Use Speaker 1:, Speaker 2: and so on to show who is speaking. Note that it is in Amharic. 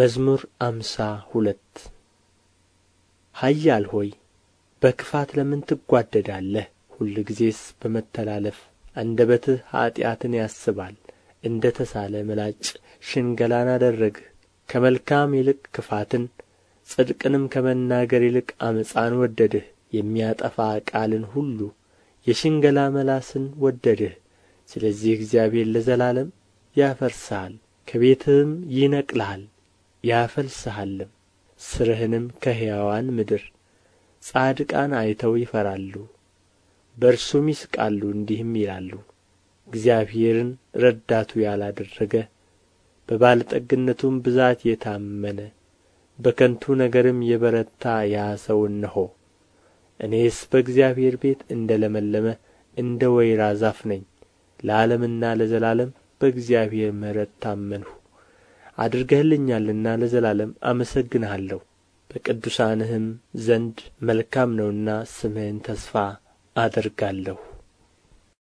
Speaker 1: መዝሙር አምሳ ሁለት ኃያል ሆይ በክፋት ለምን ትጓደዳለህ ሁልጊዜስ በመተላለፍ አንደበትህ ኀጢአትን ያስባል እንደ ተሳለ ምላጭ ሽንገላን አደረግህ ከመልካም ይልቅ ክፋትን ጽድቅንም ከመናገር ይልቅ አመፃን ወደድህ የሚያጠፋ ቃልን ሁሉ የሽንገላ መላስን ወደድህ ስለዚህ እግዚአብሔር ለዘላለም ያፈርስሃል ከቤትህም ይነቅልሃል ያፈልስሃልም ሥርህንም ከሕያዋን ምድር ጻድቃን አይተው ይፈራሉ በእርሱም ይስቃሉ እንዲህም ይላሉ እግዚአብሔርን ረዳቱ ያላደረገ በባለጠግነቱም ብዛት የታመነ በከንቱ ነገርም የበረታ ያ ሰው እነሆ እኔስ በእግዚአብሔር ቤት እንደ ለመለመ እንደ ወይራ ዛፍ ነኝ ለዓለምና ለዘላለም በእግዚአብሔር ምሕረት ታመንሁ አድርገህልኛልና ለዘላለም አመሰግንሃለሁ በቅዱሳንህም ዘንድ መልካም ነውና ስምህን ተስፋ አደርጋለሁ